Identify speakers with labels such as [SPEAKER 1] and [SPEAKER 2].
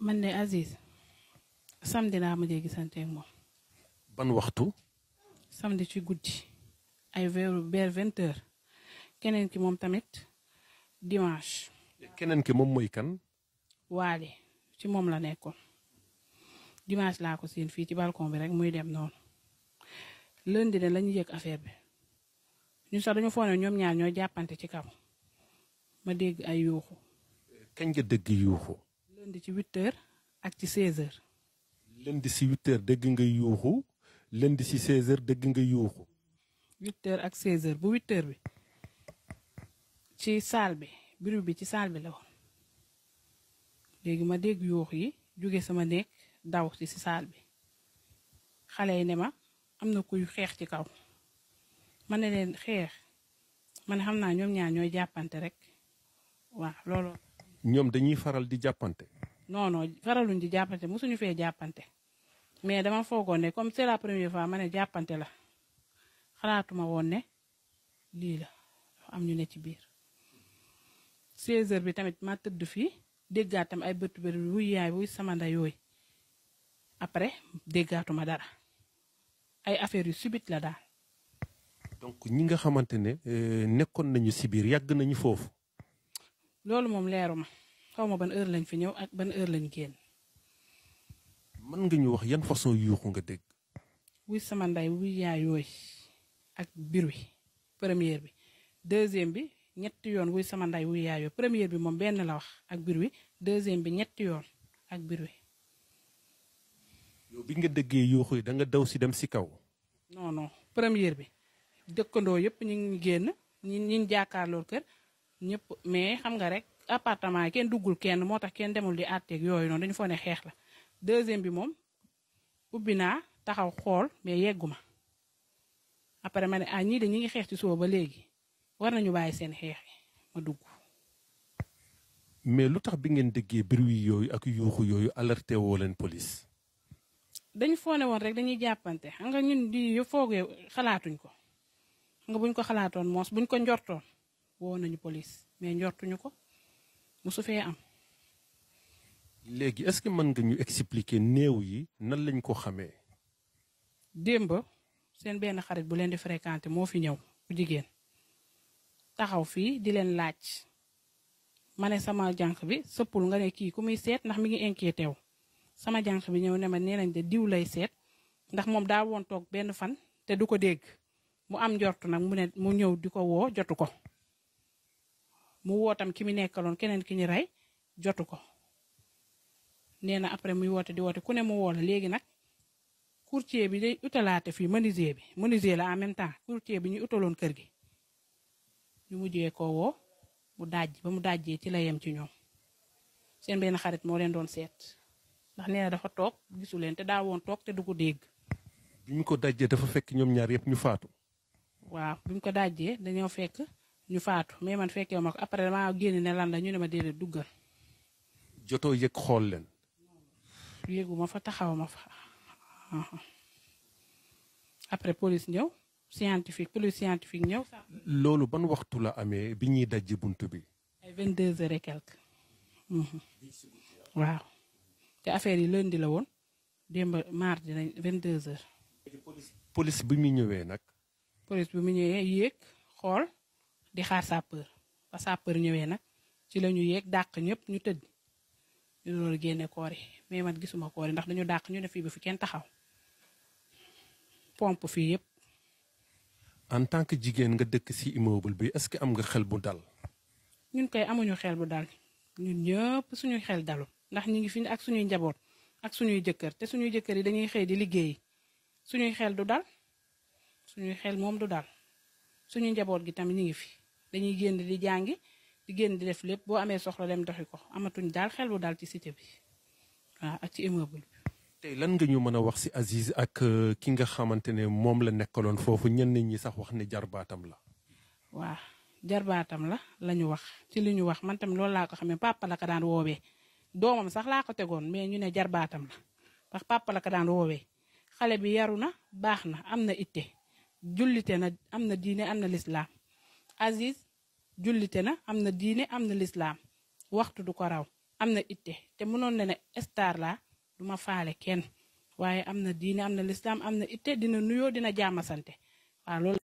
[SPEAKER 1] man de Aziz samedi laa mujjee gisante ak moom. ban waxtu. samedi ci guddi ay vers vingt heures keneen ki moom tamit dimanche.
[SPEAKER 2] keneen ki moom mooy kan.
[SPEAKER 1] waale ci moom la nekkoon dimanche laa ko seen fii ci balcon bi rek muy dem noonu lundi de la ñu affaire bi ñu sax dañu foog ñoom ñaar ñoo jàppante ci kaw ma dégg ay yuuxu.
[SPEAKER 2] kañ nga dégg yuuxu.
[SPEAKER 1] lundi ci huit heures ak ci seize heures.
[SPEAKER 2] lundi si nga yuuxu lundi si seize heures nga yuuxu.
[SPEAKER 1] huit ak seize bu huit heures bi ci saal bi bureau bi ci saal bi la léegi ma dégg yuux yi jóge sama néeg daw ci si saal bi xale yi ne ma am na kuy xeex ci kaw ma ne leen xeex man xam naa ñoom ñaar ñooy jàppante rek waaw loolu.
[SPEAKER 2] ñoom dañuy faral di jàppante.
[SPEAKER 1] noonoo non faraluñ ci jàppante mosuñu fee jàppante mais dama foogoon ne comme c'est la première fois ma ne jàppante la xalaatuma woon ne lii la am ñu ne ci biir 16 bi tamit ma tëdd fii déggaat tam ay bëtu bëri wuy yaay wuy sama nda yooyu après déggaatuma dara ay affaires yu sibit la daal.
[SPEAKER 2] donc ñi nga xamante ne euh, nekkoon nañu si biir yàgg nañu foofu.
[SPEAKER 1] loolu moom leeruma xaw ma ban heure lañ fi ñëw ak ban heure lañ génn.
[SPEAKER 2] mën nga ñu wax yan façon yuuxu nga dëgg
[SPEAKER 1] wuy sama nday wuy yaay yooy ak biir wi première bi deuxième bi ñetti yoon wuy sama nday wuy yaay yooy première bi moom benn la wax ak bir wi deuxième bi ñetti yoon ak biir wi.
[SPEAKER 2] yow bi nga déggee yuuxu yi da nga daw si dem si kaw.
[SPEAKER 1] non non première bi dëkkandoo yëpp ñu ngi génn ñi ñu jàkkaarloo kër ñëpp mais xam nga rek. appartement yi kenn duggul kenn moo tax kenn demul di àtteeg yooyu noonu dañu foog ne xeex la deuxième bi moom ubbi naa taxaw xool mais yegguma après ma ne ah ñii de ñu ngi xeex ci suba ba léegi war nañu bàyyi seen xeex ma dugg.
[SPEAKER 2] mais lu tax bi ngeen déggee bruit yooyu ak yuuxu yooyu alerté woo leen police.
[SPEAKER 1] dañu foone woon rek dañuy jàppante xam nga foogee xalaatuñ ko xam nga buñ ko xalaatoon moos buñ ko njortoon woo nañu police mais njortuñu ko. musu fee am.
[SPEAKER 2] léegi est-ce que mën nga ñu expliquer néew yi nan lañ ko xamee.
[SPEAKER 1] démba seen benn xarit bu leen di fréquenter moo fi ñëw ku jigéen taxaw fii di leen laaj mane sama janq bi sëppul nga ne kii ku muy seet ndax mi ngi inquiété wu sama janq bi ñëw ne ma nee nañ de diw lay seet ndax moom daa woon toog benn fan te du ko dégg mu am njort nag mu ne mu ñëw di ko woo jotu ko. mu wootam ki mu nekkaloon keneen ki ñu ray jotu ko nee na après muy woote di woote ku ne mu woo la léegi nag courtier bi day utalaate fii menuisier bi menuisier la en même temps courtier bi ñu utaloon kër gi ñu mujjee koo woo mu dajji ba mu dajjee ci la yem ci ñoom seen benn xarit moo leen doon seet ndax nee dafa toog gisu leen te daa woon toog te du ko dégg.
[SPEAKER 2] bi ñu ko dajjee dafa fekk ñoom ñaar yëpp ñu faatu.
[SPEAKER 1] waaw bi ñu ko dajjee dañoo fekk. ñu faatu mais man fekkee ma ko après maa génn ne lan la ñu ne ma déedéet duggal.
[SPEAKER 2] jotoo yëg xool leen.
[SPEAKER 1] yëgu ma fa taxaw ma fa. Uh-huh. après police ñëw scientifique police scientifique ñëw.
[SPEAKER 2] loolu ban waxtu la amee bi ñuy dajji bunt bi.
[SPEAKER 1] ay vingt deux heures et quelque. Uh-huh. waaw te affaire yi lundi la woon démb mardi nañ vingt deux heures.
[SPEAKER 2] police bi mu ñëwee nag.
[SPEAKER 1] police bi mu ñëwee yéeg xool. di xaar sapeur ba sapeur ñëwee nag ci la ñu yéeg dàq ñëpp ñu tëdd ñu loolu génne koor yi mais man gisuma koor ndax dañu dàq ñu ne fii ba fi kenn taxaw pompe fii yëpp.
[SPEAKER 2] en tant que jigéen nga dëkk ci immeuble bi est que am nga xel bu dal.
[SPEAKER 1] ñun koy amuñu xel bu dal ñun ñëpp suñu xel dalul ndax ñu ngi fi ak suñuy njaboot ak suñuy jëkkër te suñuy jëkkër yi dañuy xëy di liggéey suñuy xel du dal suñuy xel moom du dal suñu njaboot gi tamit ñu ngi fi. dañuy génn di jàngi di génn di def lépp boo amee soxla dem doxi ko amatuñ daal xel bu daal ci cité bi waaw a ci immeuble bi.
[SPEAKER 2] tey lan nga ñu mën a wax si Aziz ak euh, ki nga xamante ne moom la nekkaloon foofu ñenn ñi sax wax ne jarbaatam la.
[SPEAKER 1] waaw jarbaatam la la ñu wax ci li ñu wax man tamit loolu laa ko xamee papa la ko daan woowee doomam sax laa ko tegoon mais ñu ne jarbaatam la ndax papa ko daan woowee xale bi yaru na baax na am na itte jullite na am na diine am na lislaam Aziz jullite na am na diine am na lislaam waxtu du ko raw am na itte te mënoon na ne star la du ma faale kenn waaye am na diine am na lislaam am na itte dina nuyoo dina jaamasante waaw loolu